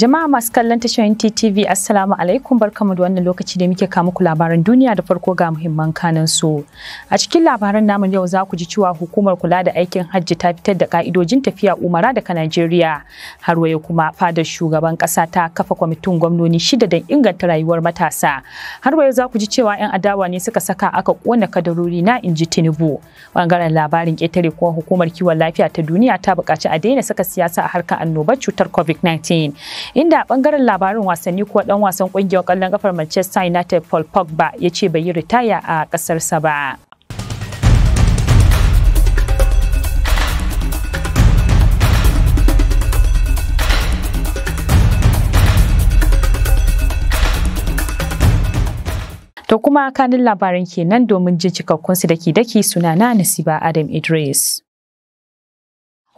Jama'a masu kallon tashar NTTV Assalamu alaikum barkamu da wannan lokaci da muke kawo muku labaran duniya da farko ga muhimman kanan su. A cikin labaran namu yau za ku ji cewa hukumar kula da aikin hajji ta fitar da ka'idojin tafiya umara daga Najeriya. Har waye kuma fadar shugaban kasa ta kafa kwamitin gwamnoni shida don inganta rayuwar matasa. Har waye za ku ji cewa 'yan adawa ne suka saka aka kona kadarori na inji Tinubu. Bangaren labarin ƙetare kuma hukumar kiwon lafiya ta duniya ta buƙaci a daina saka siyasa a harkar annobar cutar COVID-19. Inda a bangaren labarin wasanni ko dan wasan kungiyar kallon kafar Manchester United Paul Pogba ya ce bai yi ritaya a kasarsa ba. To kuma kanin labarin kenan domin jin cikakkun su daki-daki na Nasiba Adam Idris.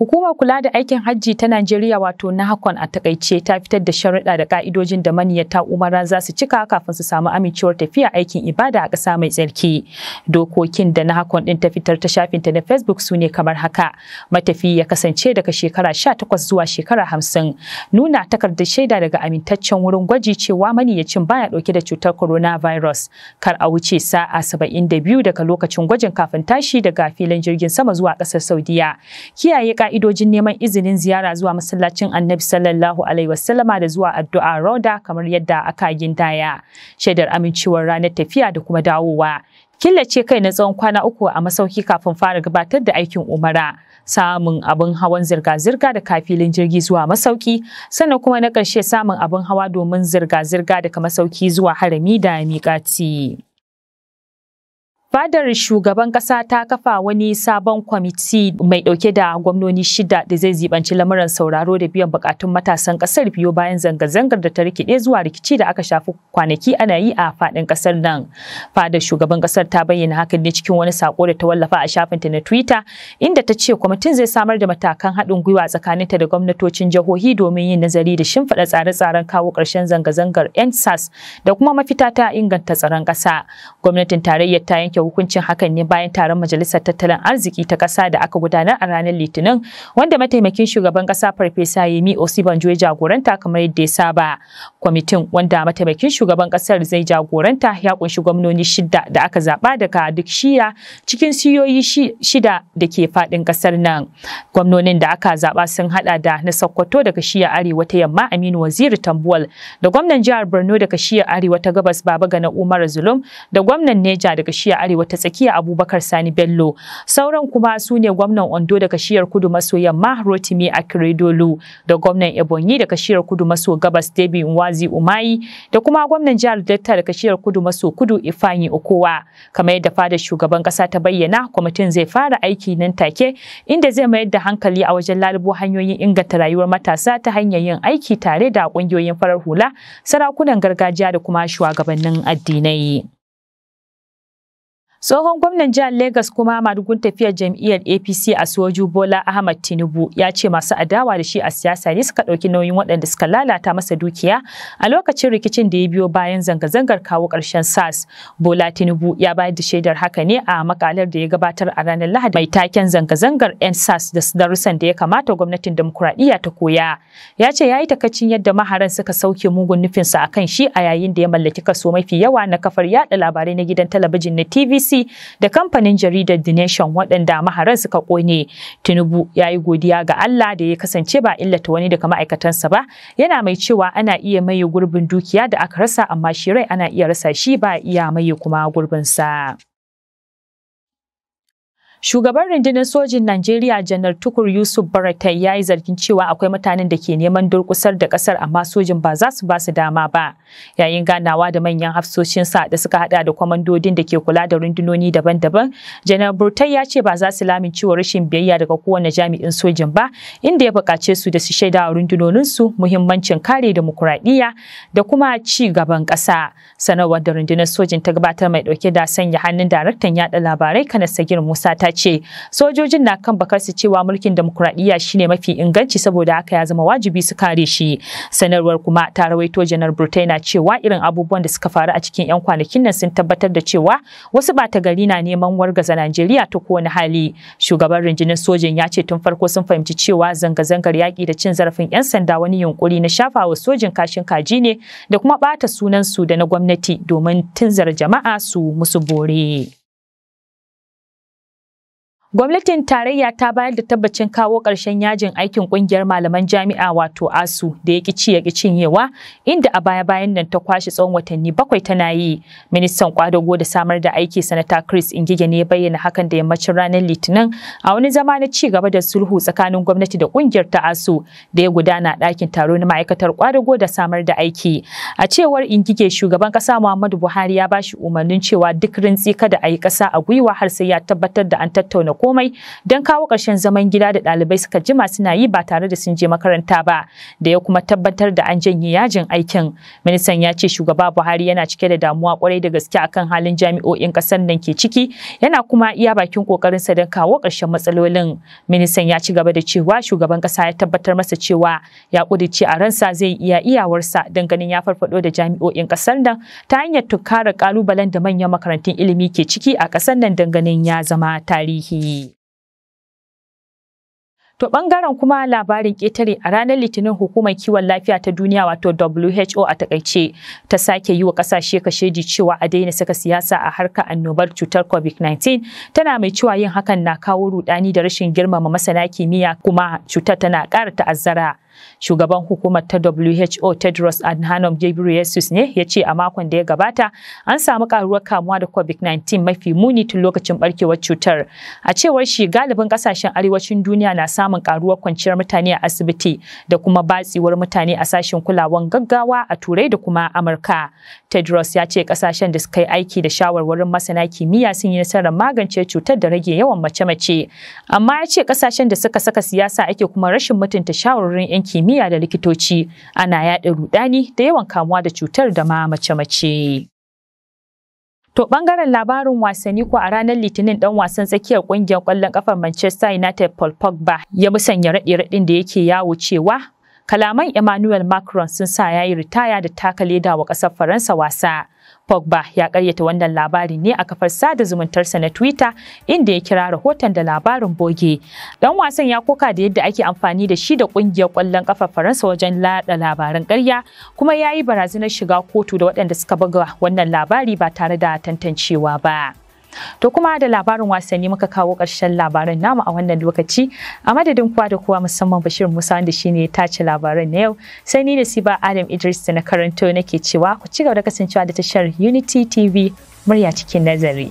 Hukumar kula da aikin hajji ta Najeriya wato hakon a takaice ta fitar da sharuɗa da ka'idojin da maniyata umara za su cika kafin su samu amincewar tafiya aikin ibada a ƙasa mai tsarki. Dokokin da hakon ɗin ta fitar ta shafinta na Facebook su ne kamar haka. Matafi ya kasance daga shekara sha takwas zuwa shekara hamsin Nuna takardar shaida daga amintaccen wurin gwaji cewa maniyyacin baya ɗauke da cutar coronavirus. Kar a wuce sa'a saba'in da biyu daga lokacin gwajin kafin tashi daga filin jirgin sama zuwa ƙasar Saudiya. Kiyaye ka'idojin neman izinin ziyara zuwa masallacin annabi sallallahu alaihi wasallama da zuwa addu'a rauda kamar yadda aka daya shaidar amincewar ranar tafiya da kuma dawowa killace kai na tsawon kwana uku a masauki kafin fara gabatar da aikin umara samun abin hawan zirga-zirga da kafilin jirgi zuwa masauki sannan kuma na ƙarshe samun abin hawa domin zirga-zirga daga masauki zuwa harami da miƙati. Fadar shugaban kasa ta kafa wani sabon kwamiti mai ɗauke da gwamnoni shida da zai zibanci lamuran sauraro da biyan bukatun matasan ƙasar biyo bayan zanga-zangar da ta rikide zuwa rikici da aka shafi kwanaki ana yi a faɗin kasar nan. Fadar shugaban kasar ta bayyana hakan ne cikin wani sako da ta wallafa a shafinta na Twitter inda ta ce kwamitin zai samar da matakan haɗin gwiwa tsakaninta da gwamnatocin jihohi domin yin nazari da shimfiɗa tsare-tsaren kawo ƙarshen zanga-zangar NSAS da kuma mafita ta inganta tsaron ƙasa. Gwamnatin tarayyar ta yanke hukuncin hakan ne bayan taron majalisar tattalin arziki ta kasa da aka gudanar a ranar Litinin wanda mataimakin shugaban kasa Farfesa Yemi Osibanjo ya jagoranta kamar yadda ya saba. Kwamitin wanda mataimakin shugaban ƙasar zai jagoranta ya kunshi gwamnoni shida da aka zaɓa daga duk shiya cikin siyoyi shida da ke faɗin kasar nan. Gwamnonin da aka zaba sun haɗa da na Sokoto daga shiya Arewa ta Yamma Aminu Waziri Tambuwal da gwamnan jihar Borno daga shiya Arewa ta Gabas Baba Gana Umar Zulum da gwamnan Neja daga shiya Arewa arewa ta tsakiya Abubakar Sani Bello. Sauran kuma su ne gwamnan Ondo daga shiyar kudu maso yamma Rotimi Akeredolu da gwamnan Ebonyi daga shiyar kudu maso gabas Debi Nwazi Umayi da kuma gwamnan jihar Delta daga shiyar kudu maso kudu Ifeanyi Okowa. Kamar yadda fadar shugaban kasa ta bayyana kwamitin zai fara aiki nan take inda zai mayar da hankali a wajen lalubo hanyoyin inganta rayuwar matasa ta hanyar yin aiki tare da kungiyoyin farar hula, sarakunan gargajiya da kuma shugabannin addinai. Tsohon gwamnan jihar Legas kuma madugun tafiyar jam'iyyar APC a Soju Bola Ahmad Tinubu ya ce masu adawa da shi a siyasa ne suka ɗauki nauyin waɗanda suka lalata masa dukiya a lokacin rikicin da ya biyo bayan zanga-zangar kawo ƙarshen SARS. Bola Tinubu ya bayar da shaidar haka ne a makalar da ya gabatar a ranar Lahadi mai taken zanga-zangar 'yan SARS da darussan da ya kamata gwamnatin demokuraɗiyya ta koya. Ya ce ya yi takacin yadda maharan suka sauke mugun nufinsa a kan shi a yayin da ya mallaki kaso mafi yawa na kafar yaɗa labarai na gidan talabijin na TVC da kamfanin jaridar The Nation waɗanda maharan suka ƙone. Tinubu ya yi godiya ga Allah da ya kasance ba illata wani daga ma'aikatansa ba, yana mai cewa ana iya maye gurbin dukiya da aka rasa amma shi rai ana iya rasa shi ba iya maye kuma gurbinsa. Shugaban rundunar sojin Najeriya Janar Tukur Yusuf Baratai ya yi zargin cewa akwai mutanen da ke neman durƙusar da ƙasar amma sojin ba za su ba su dama ba. Yayin ganawa da manyan hafsoshin sa da suka haɗa da kwamandodin da ke kula da rundunoni daban-daban, Janar Burtai ya ce ba za su lamincewa rashin biyayya daga kowane jami'in sojin ba, inda ya buƙace su da su shaida wa rundunoninsu muhimmancin kare demokuraɗiyya da kuma ci gaban ƙasa. Sanarwar da rundunar sojin ta gabatar mai ɗauke da sanya hannun daraktan yaɗa labarai Kanar Sagir Musa ta ce sojojin na kan bakar su cewa mulkin demokuraɗiyya shine mafi inganci saboda haka ya zama wajibi su kare shi. Sanarwar kuma ta rawaito janar Burtaina cewa irin abubuwan da suka faru a cikin 'yan kwanakin nan sun tabbatar da cewa wasu bata gari na neman wargaza Najeriya ta kowane hali. Shugaban rundunar sojin ya ce tun farko sun fahimci cewa zanga-zangar yaƙi da cin zarafin 'yan sanda wani yunkuri na shafawa sojin kashin kaji ne da kuma ɓata sunan su da na gwamnati domin tunzar jama'a su musu bore. Gwamnatin tarayya ta bayar da tabbacin kawo ƙarshen yajin aikin ƙungiyar malaman jami'a wato ASU da ya ciye ya cinyewa inda a baya-bayan nan ta kwashe tsawon watanni bakwai tana yi. Ministan kwadago da samar da aiki sanata Chris Ingige ne ya bayyana hakan da yammacin ranar Litinin a wani zama na ci gaba da sulhu tsakanin gwamnati da ƙungiyar ta ASU da ya gudana a ɗakin taro na ma'aikatar kwadago da samar da aiki. A cewar Ingige shugaban ƙasa Muhammadu Buhari ya bashi umarnin cewa duk rintsi kada a yi ƙasa a gwiwa har sai ya tabbatar da an tattauna komai don kawo ƙarshen zaman gida da ɗalibai suka jima suna yi ba tare da sun je makaranta ba da ya kuma tabbatar da an janye yajin aikin. Ministan ya ce shugaba Buhari yana cike da damuwa kwarai da gaske akan halin jami'o'in ƙasar nan ke ciki yana kuma iya bakin ƙoƙarinsa don kawo ƙarshen matsalolin. Ministan ya ci gaba da cewa shugaban ƙasa ya tabbatar masa cewa ya ƙudice a ransa zai iya iyawarsa don ganin ya farfaɗo da jami'o'in ƙasar nan ta hanyar tunkarar ƙalubalen da manyan makarantun ilimi ke ciki a ƙasar nan don ganin ya zama tarihi. To bangaren kuma labarin ƙetare a ranar Litinin hukumar kiwon lafiya ta duniya wato WHO a taƙaice, ta sake yi wa ƙasashe kashedi cewa a daina saka siyasa a harka annobar cutar COVID-19 tana mai cewa yin hakan na kawo rudani da rashin girmama masana kimiyya kuma cutar tana ƙara ta'azzara. Shugaban hukumar ta WHO Tedros Adhanom Ghebreyesus ne ya ce a makon da ya gabata an samu karuwar kamuwa da COVID-19 mafi muni tun lokacin barkewar cutar. A cewar shi galibin kasashen arewacin duniya na samun karuwar kwanciyar mutane a asibiti da kuma batsiwar mutane a sashen kulawan gaggawa a Turai da kuma Amurka. Tedros ya ce kasashen da suka yi aiki da shawarwarin masana kimiyya sun yi nasarar magance cutar da rage yawan mace-mace. Amma ya ce kasashen da suka saka siyasa ake kuma rashin mutunta shawarwarin kimiyya da likitoci ana yaɗa rudani da yawan kamuwa da cutar da ma mace-mace. To bangaren labarin wasanni ko a ranar Litinin dan wasan tsakiyar kungiyar kwallon kafar Manchester United Paul Pogba ya musanya raɗe-raɗin da yake yawo cewa kalaman Emmanuel Macron sun sa ya yi ritaya da taka leda wa ƙasar Faransa wasa Pogba ya karyata wannan labari ne a kafar sada zumuntarsa na Twitter inda ya kira rahoton da labarin boge. Dan wasan ya koka da yadda ake amfani da shi da kungiyar kwallon kafa Faransa wajen lada labaran ƙarya kuma ya yi barazanar shiga kotu da waɗanda suka buga wannan labari ba tare da tantancewa ba. To kuma da labarin wasanni muka kawo ƙarshen labaran namu a wannan lokaci a madadin kowa da kowa musamman Bashir Musa wanda shine ya tace labaran na yau sai ni da Siba Adam Idris da na karanto nake cewa ku ci gaba da kasancewa da tashar Unity TV murya cikin nazari.